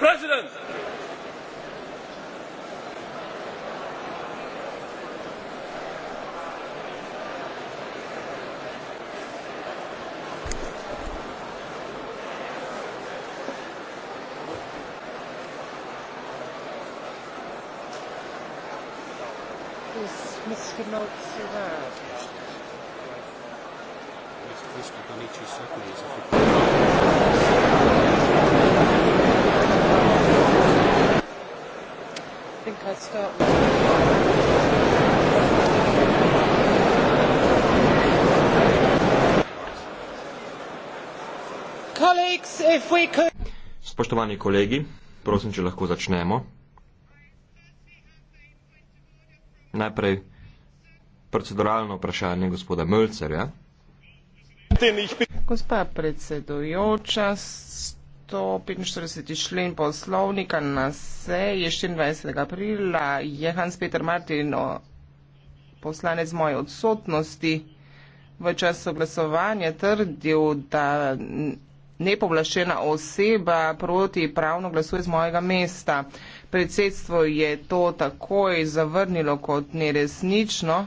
president. Spoštovani kolegi, prosim, če lahko začnemo. Najprej proceduralno vprašanje gospoda Mölcerja. Gospa predsedujoča, 145. člen poslovnika na seji 24. aprila je Hans-Peter Martin poslanec moje odsotnosti v času glasovanja trdil, da nepovlašena oseba proti pravno glasuje z mojega mesta. Predsedstvo je to takoj zavrnilo kot neresnično.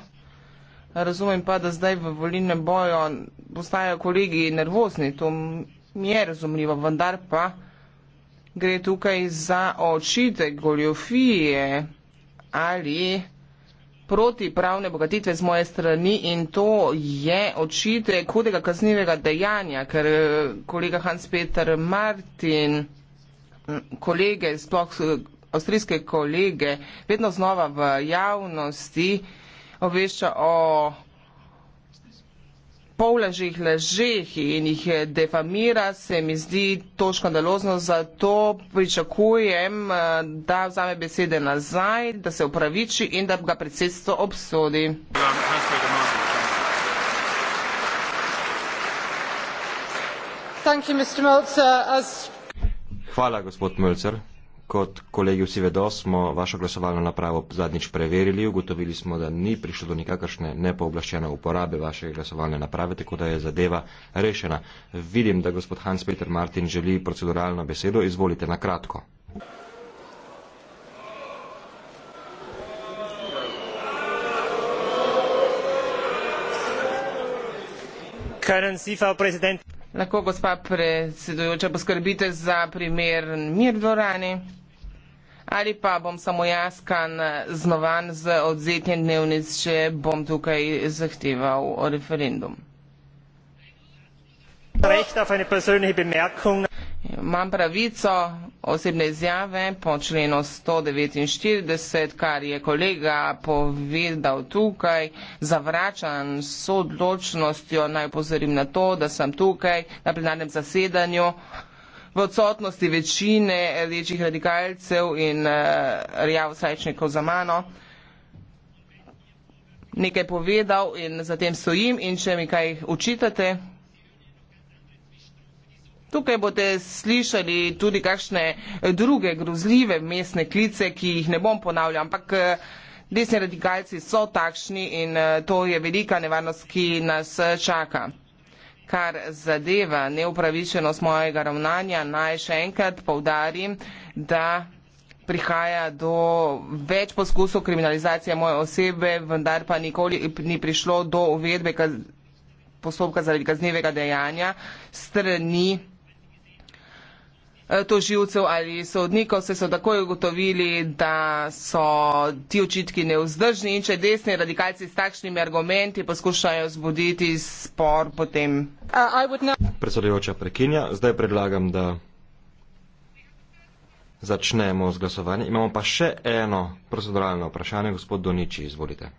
Razumem pa, da zdaj v volilnem boju postajajo kolegi nervozni, to mi je razumljivo, vendar pa gre tukaj za očitek goljofije ali protipravne bogatitve z moje strani in to je očitek hudega kaznivega dejanja, ker eh, kolega Hans Peter Martin, kolege, sploh eh, avstrijske kolege, vedno znova v javnosti obvešča o polažih lažeh in jih defamira, se mi zdi to škandalozno, zato pričakujem, eh, da vzame besede nazaj, da se upraviči in da ga predsedstvo obsodi. Hvala, gospod Mölcer. Kot kolegi vsi vedo, smo vašo glasovalno napravo zadnjič preverili, ugotovili smo, da ni prišlo do nikakršne nepooblaščene uporabe vaše glasovalne naprave, tako da je zadeva rešena. Vidim, da gospod Hans Peter Martin želi proceduralno besedo, izvolite na kratko. Lahko gospa predsedujoča poskrbite za primer mir v dvorani? ali pa bom samo jaz kan znovan z odzetjem dnevnic, če bom tukaj zahteval o referendum. Imam pravico osebne izjave po členu 149, kar je kolega povedal tukaj, zavračan s odločnostjo, naj pozorim na to, da sem tukaj na plenarnem zasedanju v odsotnosti večine rdečih radikalcev in uh, eh, rjav srečnikov za mano nekaj povedal in zatem stojim in če mi kaj učitate. Tukaj boste slišali tudi kakšne druge grozljive mestne klice, ki jih ne bom ponavljal, ampak eh, desni radikalci so takšni in eh, to je velika nevarnost, ki nas čaka kar zadeva neupravičenost mojega ravnanja, naj še enkrat povdarim, da prihaja do več poskusov kriminalizacije moje osebe, vendar pa nikoli ni prišlo do uvedbe postopka zaradi kaznevega dejanja strani Eh, toživcev ali sodnikov, se so takoj ugotovili, da so ti očitki neuzdržni in če desni radikalci s takšnimi argumenti poskušajo zbuditi spor potem. Uh, not... Predsedujoča prekinja, zdaj predlagam, da začnemo z glasovanjem. Imamo pa še eno proceduralno vprašanje, gospod Doniči, izvolite.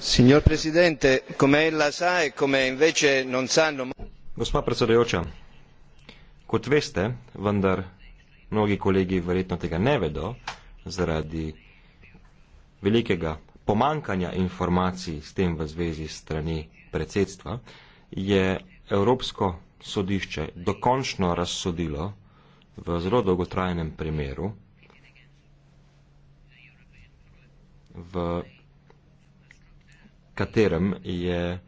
Signor Presidente, come ella sa e come invece non sanno. Gospa predsedujoča, Kot veste, vendar mnogi kolegi verjetno tega ne vedo, zaradi velikega pomankanja informacij s tem v zvezi strani predsedstva, je Evropsko sodišče dokončno razsodilo v zelo dolgotrajnem primeru v katerem je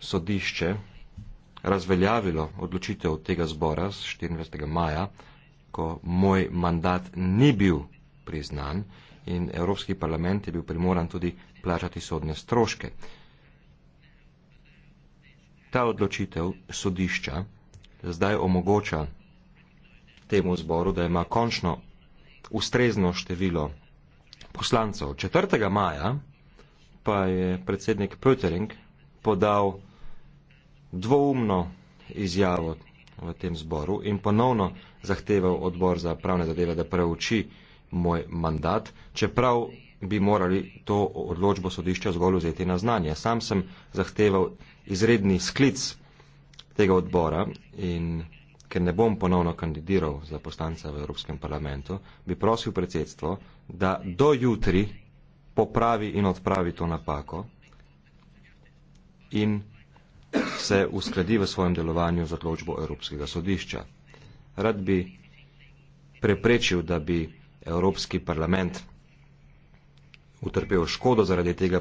sodišče razveljavilo odločitev tega zbora z 24. maja, ko moj mandat ni bil priznan in Evropski parlament je bil primoran tudi plačati sodne stroške. Ta odločitev sodišča zdaj omogoča temu zboru, da ima končno ustrezno število poslancev. 4. maja pa je predsednik Pötering podal dvoumno izjavo v tem zboru in ponovno zahteval odbor za pravne zadeve, da preuči moj mandat, čeprav bi morali to odločbo sodišča zgolj vzeti na znanje. Sam sem zahteval izredni sklic tega odbora in ker ne bom ponovno kandidiral za poslanca v Evropskem parlamentu, bi prosil predsedstvo, da do jutri popravi in odpravi to napako in se uskladi v svojem delovanju z odločbo Evropskega sodišča. Rad bi preprečil, da bi Evropski parlament utrpel škodo zaradi tega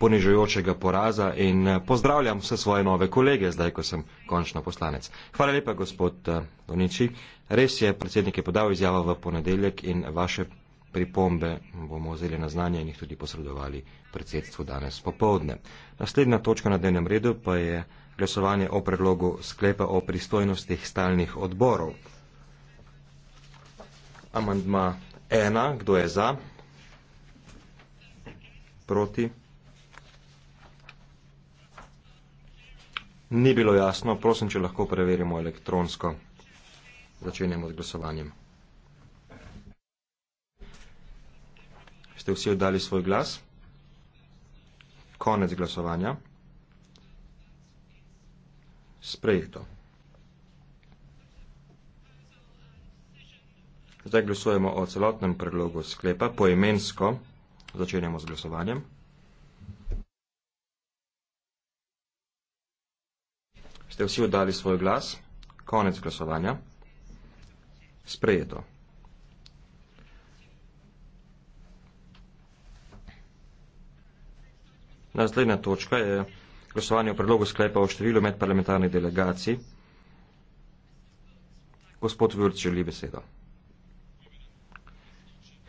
ponižujočega poraza in eh, pozdravljam vse svoje nove kolege, zdaj ko sem končno poslanec. Hvala lepa, gospod Donici. Eh, Res je, predsednik je podal izjavo v ponedeljek in vaše Pripombe bomo vzeli na znanje in jih tudi posredovali predsedstvu danes popovdne. Naslednja točka na dnevnem redu pa je glasovanje o predlogu sklepa o pristojnostih stalnih odborov. Amandma 1. Kdo je za? Proti? Ni bilo jasno. Prosim, če lahko preverimo elektronsko. Začenjamo z glasovanjem. ste vsi oddali svoj glas. Konec glasovanja. Sprejih to. Zdaj glasujemo o celotnem predlogu sklepa. Poimensko začenjamo z glasovanjem. Ste vsi oddali svoj glas? Konec glasovanja. Sprejeto. Naslednja točka je glasovanje o predlogu sklepa o številu medparlamentarnih delegacij. Gospod Vrč želi besedo.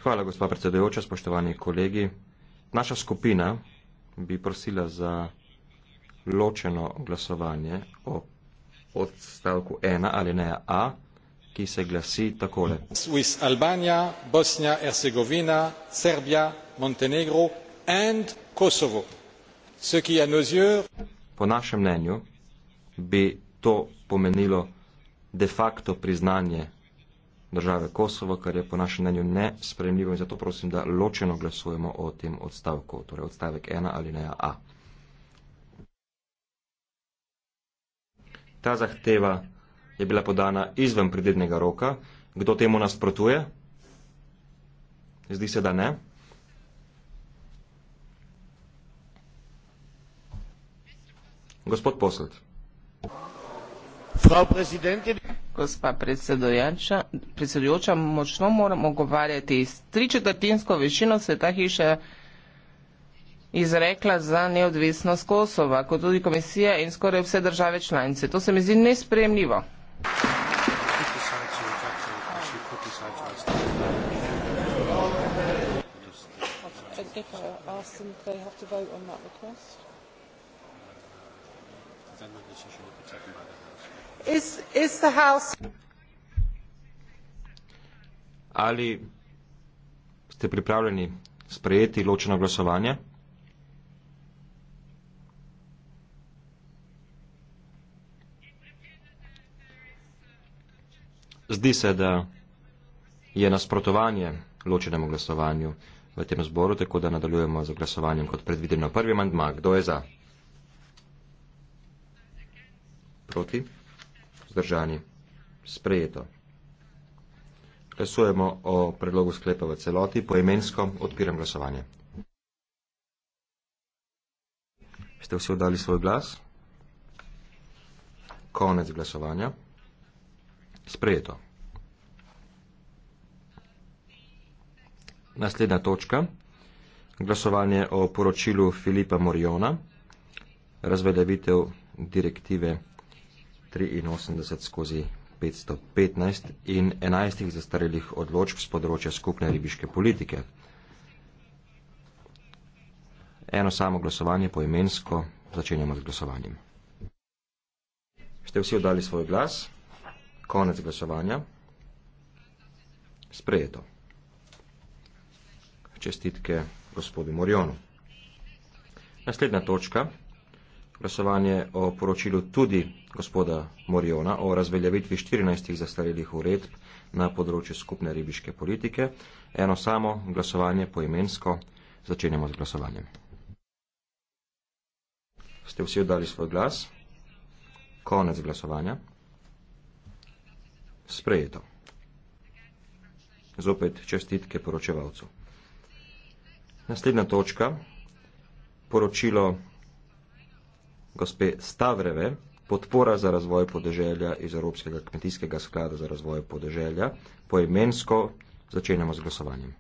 Hvala, gospod predsedujoča, spoštovani kolegi. Naša skupina bi prosila za ločeno glasovanje o odstavku 1 ali ne A, ki se glasi takole. Swiss, Albania, Bosnia, Hercegovina, Serbija, Montenegro in Kosovo. Po našem mnenju bi to pomenilo de facto priznanje države Kosovo, kar je po našem mnenju nespremljivo in zato prosim, da ločeno glasujemo o tem odstavku, torej odstavek 1 ali neja A. Ta zahteva je bila podana izven predednega roka. Kdo temu nasprotuje? Zdi se, da ne. gospod Posled. Frau Präsidentin. Gospa predsedujoča, močno moram ogovarjati. S tri četrtinsko večino se je ta hiša izrekla za neodvisnost Kosova, kot tudi komisija in skoraj vse države članice. To se mi zdi nespremljivo. Awesome. They have to vote on that request. Ali ste pripravljeni sprejeti ločeno glasovanje? Zdi se, da je nasprotovanje ločenemu glasovanju v tem zboru, tako da nadaljujemo z glasovanjem kot predvideno. Prvi amandma, kdo je za? Proti? Zdržani. Sprejeto. Glasujemo o predlogu sklepa v celoti. Poimensko odpiram glasovanje. Ste vsi oddali svoj glas? Konec glasovanja. Sprejeto. Naslednja točka. Glasovanje o poročilu Filipa Moriona. Razvedavitev direktive 2021-2020. 83 skozi 515 in 11 zastarelih odločb z področja skupne ribiške politike. Eno samo glasovanje po imensko, začenjamo z glasovanjem. Ste vsi oddali svoj glas? Konec glasovanja. Sprejeto. Čestitke gospodu Morjonu. Naslednja točka glasovanje o poročilu tudi gospoda Moriona o razveljavitvi 14 zastarelih uredb na področju skupne ribiške politike. Eno samo glasovanje poimensko. Začenjamo z glasovanjem. Ste vsi oddali svoj glas? Konec glasovanja. Sprejeto. Zopet čestitke poročevalcu. Naslednja točka. Poročilo gospe Stavreve, podpora za razvoj podeželja iz Evropskega kmetijskega sklada za razvoj podeželja. Poimensko začenjamo z glasovanjem.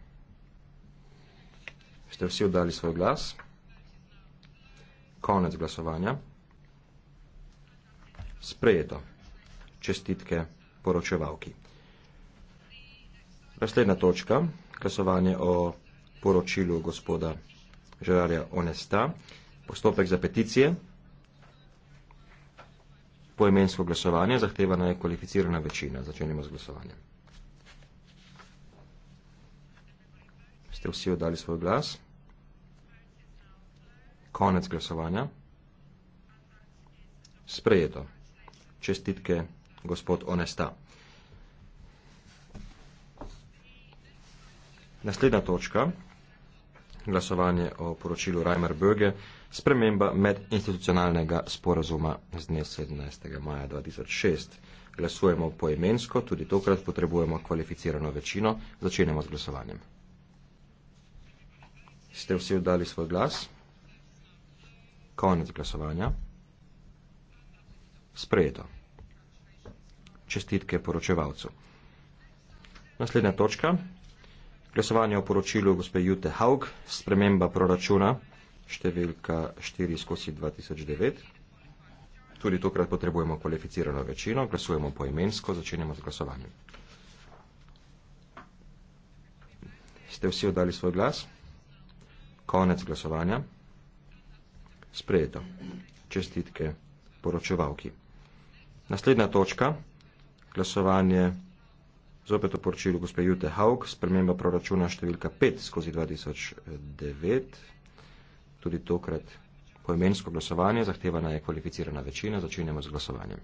Ste vsi oddali svoj glas? Konec glasovanja. Sprejeto. Čestitke poročevalki. Naslednja točka. Glasovanje o poročilu gospoda Žerarja Onesta. Postopek za peticije poimensko glasovanje, zahtevana je kvalificirana večina. Začenjamo z glasovanjem. Ste vsi oddali svoj glas? Konec glasovanja. Sprejeto. Čestitke, gospod Onesta. Naslednja točka, glasovanje o poročilu Reimer Böge sprememba medinstitucionalnega sporazuma z dne 17. maja 2006. Glasujemo poimensko, tudi tokrat potrebujemo kvalificirano večino. Začenjamo z glasovanjem. Ste vsi oddali svoj glas? Konec glasovanja. Sprejeto. Čestitke poročevalcu. Naslednja točka. Glasovanje o poročilu gospe Jute Haug, sprememba proračuna številka 4 skozi 2009. Tudi tokrat potrebujemo kvalificirano večino, glasujemo poimensko, začenjamo z glasovanjem. Ste vsi oddali svoj glas? Konec glasovanja. Sprejeto. Čestitke poročevalki. Naslednja točka. Glasovanje zopet o poročilu gospe Jute Haug, sprememba proračuna številka 5 skozi 2009 tudi tokrat poimensko glasovanje, zahtevana je kvalificirana večina, začenjamo z glasovanjem.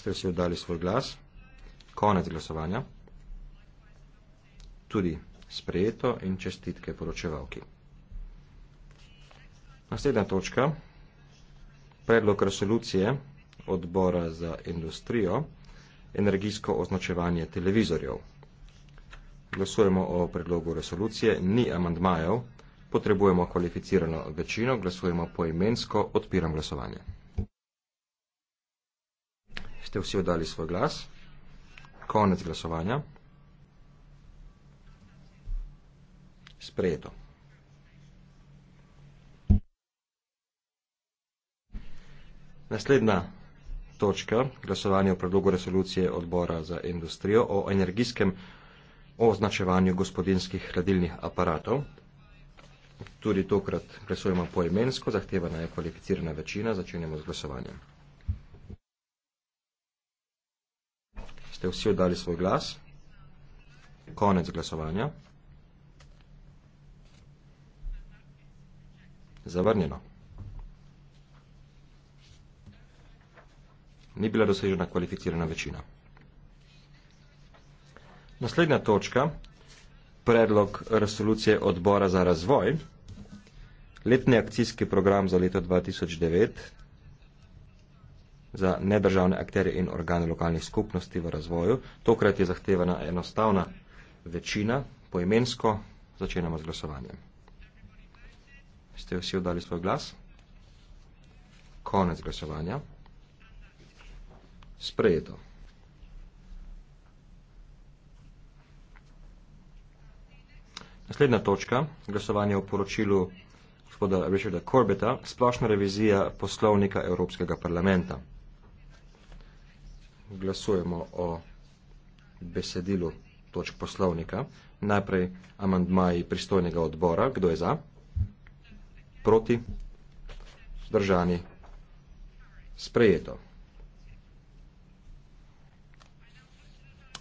Ste vsi oddali svoj glas, konec glasovanja, tudi sprejeto in čestitke poročevalki. Naslednja točka, predlog resolucije odbora za industrijo, energijsko označevanje televizorjev glasujemo o predlogu resolucije, ni amandmajev, potrebujemo kvalificirano večino, glasujemo poimensko, odpiram glasovanje. Ste vsi oddali svoj glas? Konec glasovanja. Sprejeto. Naslednja točka glasovanja o predlogu resolucije odbora za industrijo o energijskem o označevanju gospodinskih hladilnih aparatov. Tudi tokrat glasujemo poimensko, zahtevana je kvalificirana večina, začenjamo z glasovanjem. Ste vsi oddali svoj glas? Konec glasovanja. Zavrnjeno. Ni bila dosežena kvalificirana večina. Naslednja točka, predlog resolucije odbora za razvoj, letni akcijski program za leto 2009 za nedržavne akterje in organe lokalnih skupnosti v razvoju. Tokrat je zahtevana enostavna večina, poimensko začenjamo z glasovanjem. Ste vsi oddali svoj glas? Konec glasovanja. Sprejeto. Naslednja točka glasovanja o poročilu gospoda Richarda Corbeta, splošna revizija poslovnika Evropskega parlamenta. Glasujemo o besedilu točk poslovnika. Najprej amandmaji pristojnega odbora. Kdo je za? Proti? Zdržani? Sprejeto.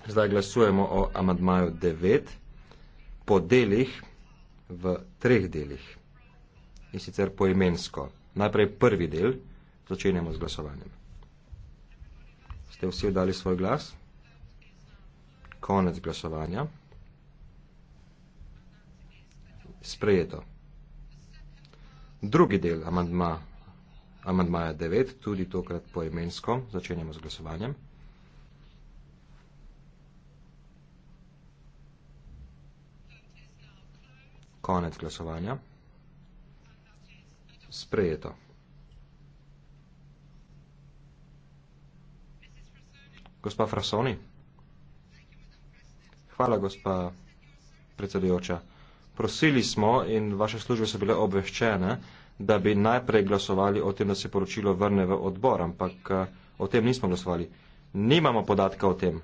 Zdaj glasujemo o amandmaju 9 po delih v treh delih. In sicer poimensko. Najprej prvi del, začenjamo z glasovanjem. Ste vsi dali svoj glas? Konec glasovanja. Sprejeto. Drugi del amandma, amandmaja 9, tudi tokrat poimensko, začenjamo z glasovanjem. Konec glasovanja. Sprejeto. Gospa Frasoni. Hvala, gospa predsedujoča. Prosili smo in vaše službe so bile obveščene, da bi najprej glasovali o tem, da se poročilo vrne v odbor, ampak eh, o tem nismo glasovali. Nimamo podatka o tem.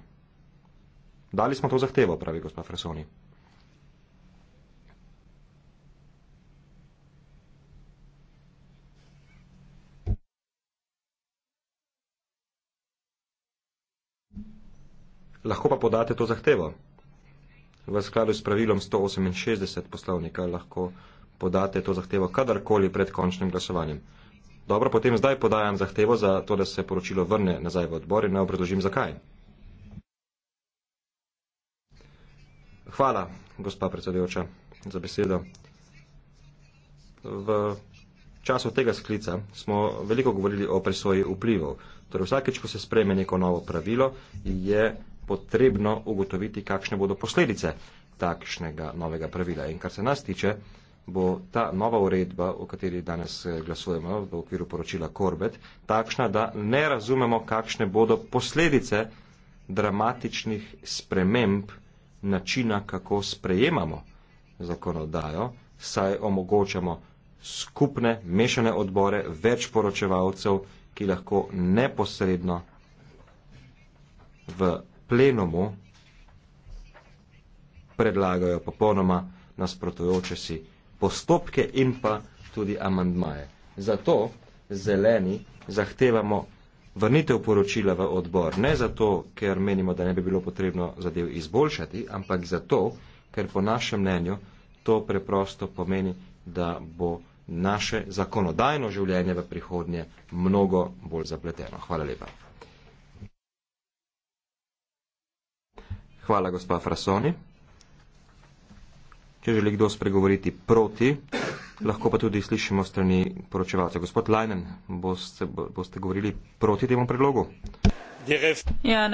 Dali smo to zahtevo, pravi gospa Frasoni. lahko pa podate to zahtevo. V skladu s pravilom 168 poslovnika lahko podate to zahtevo kadarkoli pred končnim glasovanjem. Dobro, potem zdaj podajam zahtevo za to, da se poročilo vrne nazaj v odbor in naj obrazložim zakaj. Hvala, gospa predsedujoča, za besedo. V času tega sklica smo veliko govorili o presoji vplivov. Torej vsakeč, ko se spreme neko novo pravilo, je potrebno ugotoviti, kakšne bodo posledice takšnega novega pravila. In kar se nas tiče, bo ta nova uredba, o kateri danes eh, glasujemo v okviru poročila Korbet, takšna, da ne razumemo, kakšne bodo posledice dramatičnih sprememb načina, kako sprejemamo zakonodajo, saj omogočamo skupne mešane odbore več poročevalcev, ki lahko neposredno v plenumu predlagajo popolnoma nasprotujoče si postopke in pa tudi amandmaje. Zato zeleni zahtevamo vrnitev poročila v odbor, ne zato, ker menimo, da ne bi bilo potrebno zadev izboljšati, ampak zato, ker po našem mnenju to preprosto pomeni, da bo naše zakonodajno življenje v prihodnje mnogo bolj zapleteno. Hvala lepa. Hvala, gospa Frasoni. Če želi kdo spregovoriti proti, lahko pa tudi slišimo strani poročevalca. Gospod Lajnen, boste, boste govorili proti temu predlogu? Ja,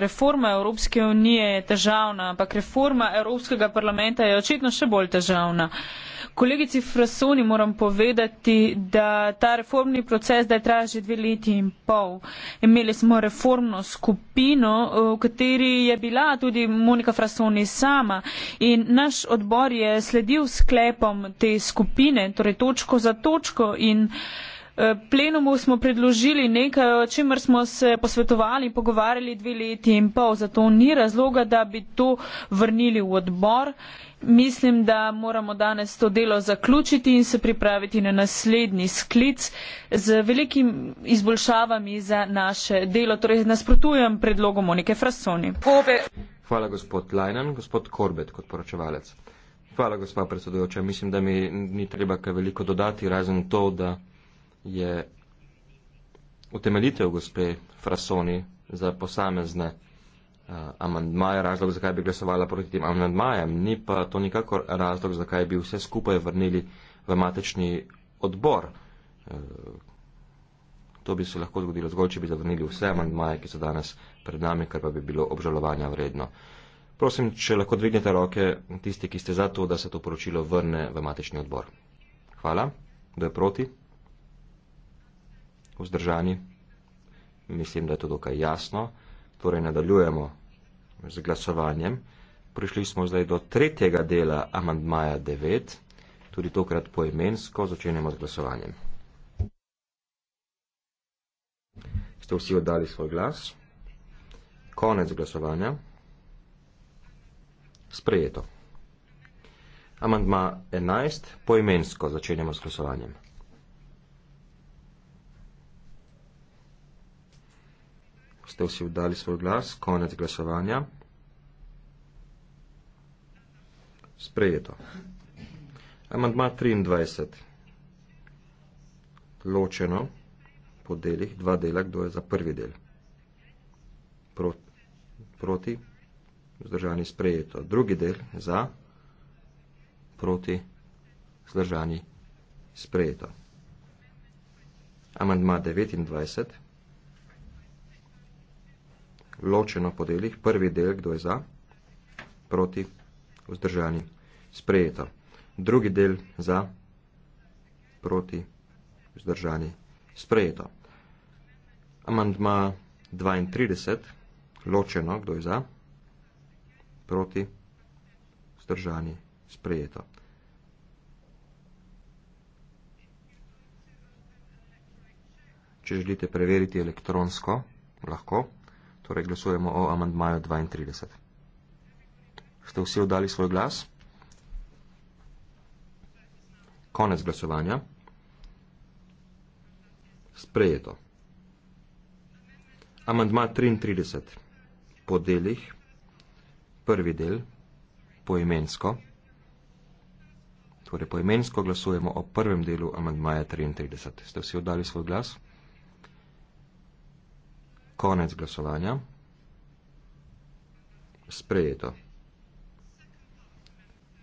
reforma evropske unije je težavna ampak reforma evropskega parlamenta je očitno še bolj težavna. kolegici frassoni moram povedati da ta reformni proces zdaj traja že dve leti in pol. imeli smo reformno skupino v kateri je bila tudi monika frassoni sama in naš odbor je sledil sklepom te skupine torej točko za točko in plenumu smo predložili nekaj, o čemer smo se posvetovali in pogovarjali dve leti in pol, zato ni razloga, da bi to vrnili v odbor. Mislim, da moramo danes to delo zaključiti in se pripraviti na naslednji sklic z velikim izboljšavami za naše delo. Torej, nasprotujem predlogu Monike Frasoni. Hvala, gospod Lajnan. Gospod Korbet, kot poročevalec. Hvala, gospod predsedujoča. Mislim, da mi ni treba kaj veliko dodati, razen to, da je utemeljitev gospe Frasoni za posamezne uh, amandmaje razlog, zakaj bi glasovala proti tem amandmajem, ni pa to nikakor razlog, zakaj bi vse skupaj vrnili v matični odbor. Uh, To bi se lahko zgodilo zgolj, če bi zavrnili vse amandmaje, ki so danes pred nami, kar pa bi bilo obžalovanja vredno. Prosim, če lahko dvignete roke tisti, ki ste za to, da se to poročilo vrne v matični odbor. Hvala. Kdo je proti? vzdržani. Mislim, da je to dokaj jasno. Torej, nadaljujemo z glasovanjem. Prišli smo zdaj do tretjega dela amandmaja 9, tudi tokrat poimensko začenjamo z glasovanjem. Ste vsi oddali svoj glas? Konec glasovanja. Sprejeto. Amandma 11, poimensko začenjamo z glasovanjem. ste vsi vdali svoj glas, konec glasovanja. Sprejeto. Amandma 23. Ločeno po delih, dva dela, kdo je za prvi del. Proti, proti zdržani, sprejeto. Drugi del, za, proti, zdržani, sprejeto. Amandma 29 ločeno po delih, prvi del, kdo je za, proti, vzdržani, sprejeto. Drugi del za, proti, vzdržani, sprejeto. Amandma 32, ločeno, kdo je za, proti, vzdržani, sprejeto. Če želite preveriti elektronsko, lahko. Torej glasujemo o amandmaju 32. Ste vsi oddali svoj glas? Konec glasovanja. Sprejeto. Amandma 33. Po delih. Prvi del. Poimensko. Torej poimensko glasujemo o prvem delu amandmaja 33. Ste vsi oddali svoj glas? Konec glasovanja. Sprejeto.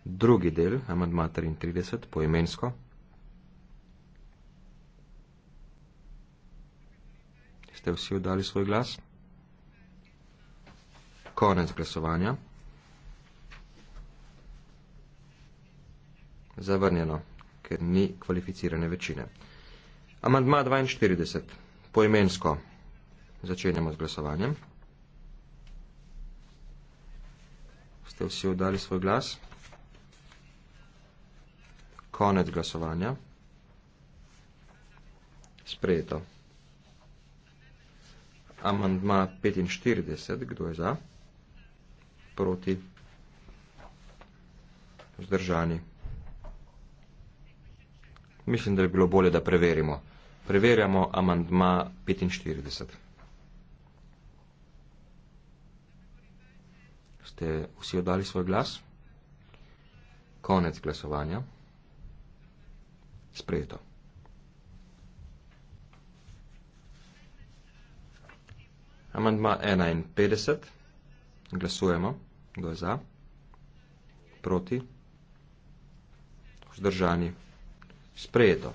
Drugi del, amadma 33, poimensko. Ste vsi oddali svoj glas? Konec glasovanja. Zavrnjeno, ker ni kvalificirane večine. Amadma 42, poimensko. Začenjamo z glasovanjem. Ste vsi oddali svoj glas? Konec glasovanja. Sprejeto. Amandma 45, kdo je za? Proti. Vzdržani. Mislim, da je bilo bolje, da preverimo. Preverjamo amandma 45. ste vsi oddali svoj glas? Konec glasovanja. Sprejeto. Amandma 51. Glasujemo. Kdo je za? Proti? Vzdržani? Sprejeto.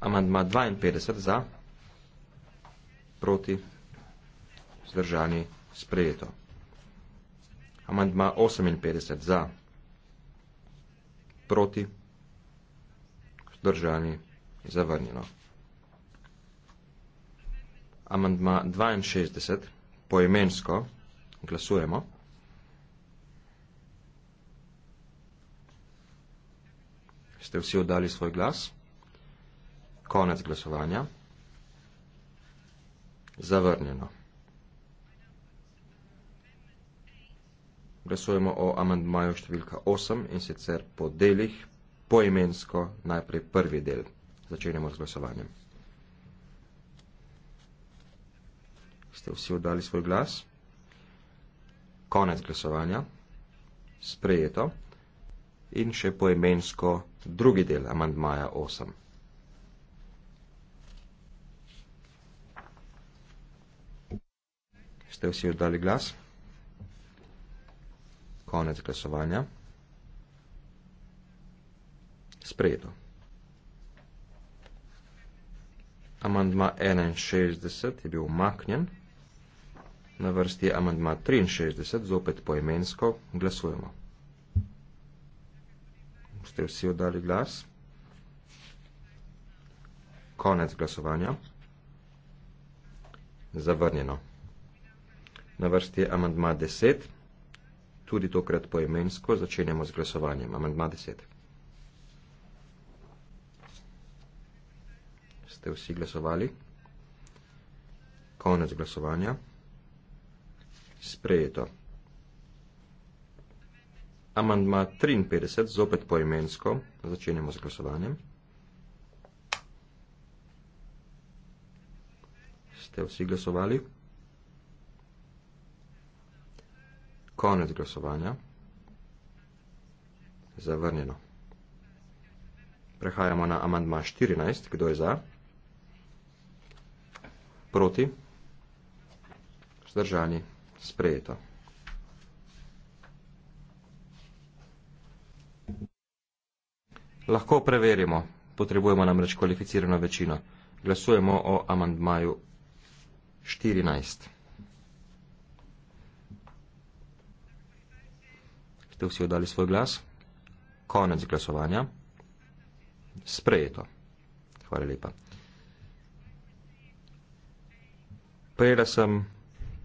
Amandma 52. Za? Proti? vzdržani sprejeto. Amandma 58 za, proti, vzdržani zavrnjeno. Amandma 62, poimensko, glasujemo. Ste vsi oddali svoj glas? Konec glasovanja. Zavrnjeno. glasujemo o amandmaju številka 8 in sicer po delih, poimensko najprej prvi del. Začenjamo z glasovanjem. Ste vsi oddali svoj glas? Konec glasovanja. Sprejeto. In še poimensko drugi del amandmaja 8. Ste vsi oddali glas? konec glasovanja. Sprejeto. Amandma 61 je bil umaknjen. Na vrsti je amandma 63, zopet poimensko glasujemo. Ste vsi oddali glas? Konec glasovanja. Zavrnjeno. Na vrsti je amandma 10 tudi tokrat poimensko, začenjamo z glasovanjem. Amandma 10. Ste vsi glasovali? Konec glasovanja. Sprejeto. Amandma 53, zopet poimensko, začenjamo z glasovanjem. Ste vsi glasovali? Konec glasovanja. Zavrnjeno. Prehajamo na amandma 14. Kdo je za? Proti? Zdržani? Sprejeto. Lahko preverimo. Potrebujemo namreč kvalificirano večino. Glasujemo o amandmaju 14. Ste vsi oddali svoj glas? Konec glasovanja. Sprejeto. Hvala lepa. Prejela sem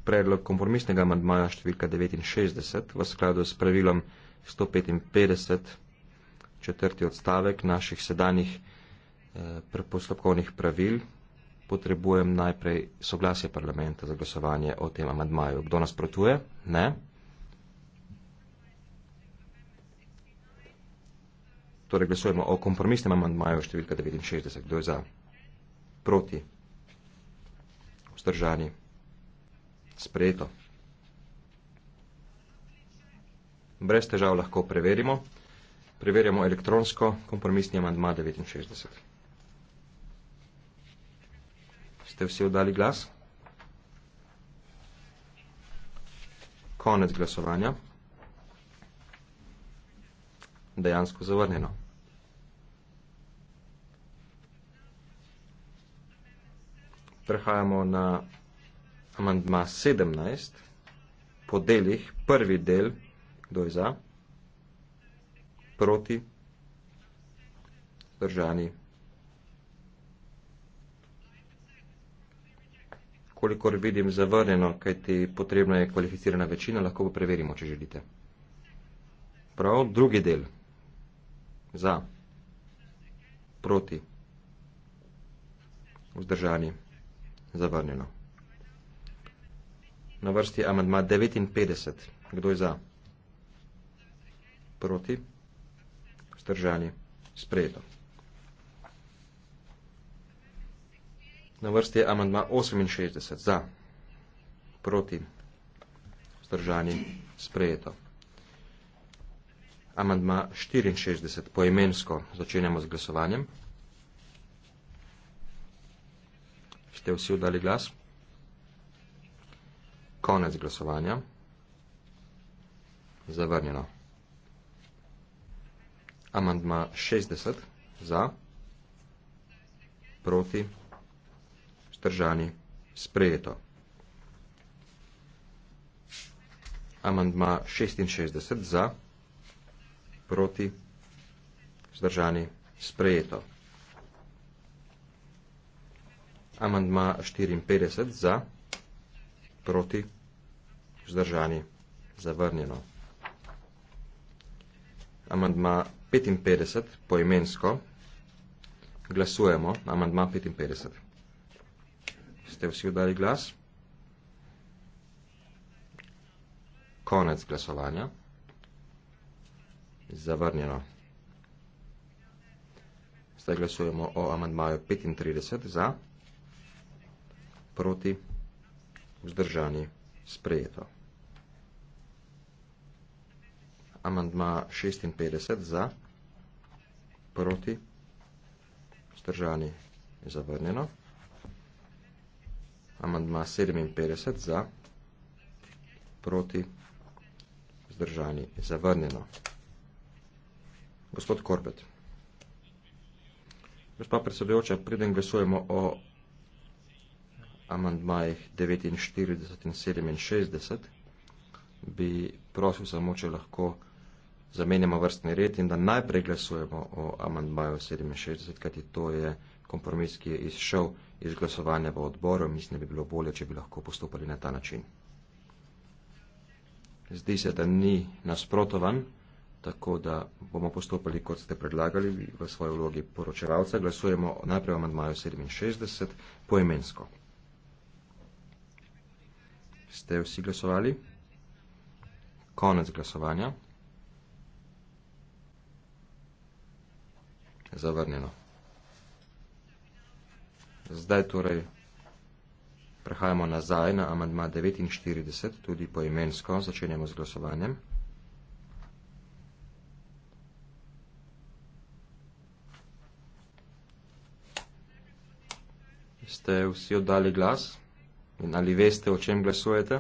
predlog kompromisnega amandmaja številka 69 v skladu s pravilom 155 četrti odstavek naših sedanjih eh, postopkovnih pravil. Potrebujem najprej soglasje parlamenta za glasovanje o tem amandmaju. Kdo nasprotuje? Ne. Torej glasujemo o kompromisnem amandmaju številka 69. Kdo je za? Proti? Vzdržani? Sprejeto? Brez težav lahko preverimo. Preverjamo elektronsko kompromisni amandma 69. Ste vsi oddali glas? Konec glasovanja dejansko zavrnjeno. Prehajamo na amandma 17, po delih, prvi del, kdo je za, proti, zdržani. Kolikor vidim zavrnjeno, kaj ti potrebna je kvalificirana večina, lahko preverimo, če želite. Prav, drugi del za, proti, vzdržani, zavrnjeno. Na vrsti amandma 59. Kdo je za? Proti, vzdržani, sprejeto. Na vrsti je amandma 68. Za, proti, vzdržani, sprejeto amandma 64 poimensko. Začenjamo z glasovanjem. Ste vsi oddali glas? Konec glasovanja. Zavrnjeno. Amandma 60 za, proti, stržani, sprejeto. Amandma 66 za, proti, stržani, sprejeto proti, zdržani, sprejeto. Amandma 54 za, proti, zdržani, zavrnjeno. Amandma 55 poimensko, glasujemo, amandma 55. Ste vsi udali glas? Konec glasovanja zavrnjeno. Zdaj glasujemo o amandmaju 35 za, proti, vzdržani, sprejeto. Amandma 56 za, proti, vzdržani, zavrnjeno. Amandma 57 za, proti, vzdržani, zavrnjeno. Gospod Korbet. Gospa predsedujoča, preden glasujemo o amandmajih 49 in 67, bi prosil samo, če lahko zamenjamo vrstni red in da najprej glasujemo o amandmaju 67, kajti to je kompromis, ki je izšel iz glasovanja v odboru. Mislim, da bi bilo bolje, če bi lahko postopali na ta način. Zdi se, da ni nasprotovan tako da bomo postopali, kot ste predlagali v svoji vlogi poročevalca. Glasujemo najprej o amandmaju 67 poemensko. Ste vsi glasovali? Konec glasovanja. Zavrnjeno. Zdaj torej prehajamo nazaj na amandma 49, tudi poemensko, začenjamo z glasovanjem. ste vsi oddali glas in ali veste, o čem glasujete?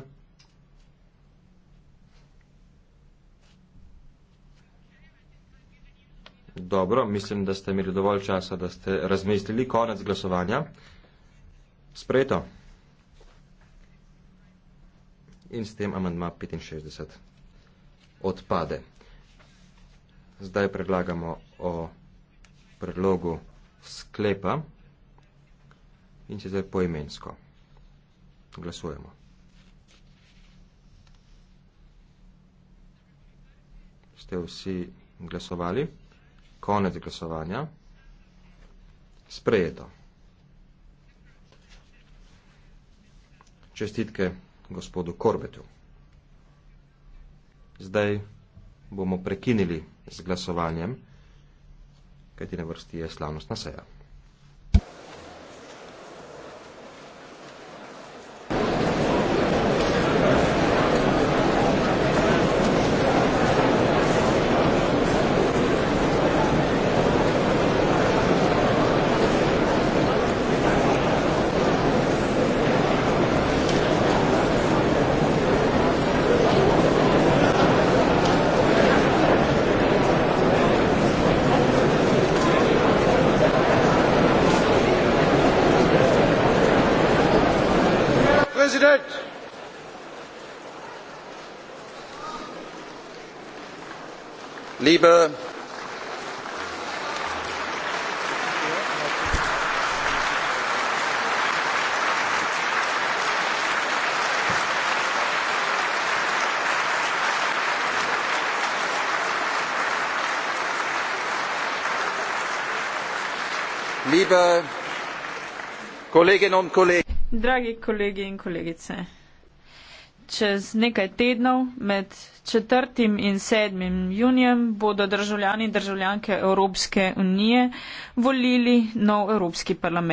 Dobro, mislim, da ste imeli dovolj časa, da ste razmislili konec glasovanja. Spreto. In s tem amandma 65 odpade. Zdaj predlagamo o predlogu sklepa in sicer poimensko. Glasujemo. Ste vsi glasovali? Konec glasovanja. Sprejeto. Čestitke gospodu Korbetu. Zdaj bomo prekinili z glasovanjem, kajti na vrsti je slavnostna seja. liebe Liebe Kolleginnen und Kollegen, Dragi kolegi in kolegice, čez nekaj tednov med 4. in 7. junijem bodo državljani in državljanke Evropske unije volili nov Evropski parlament.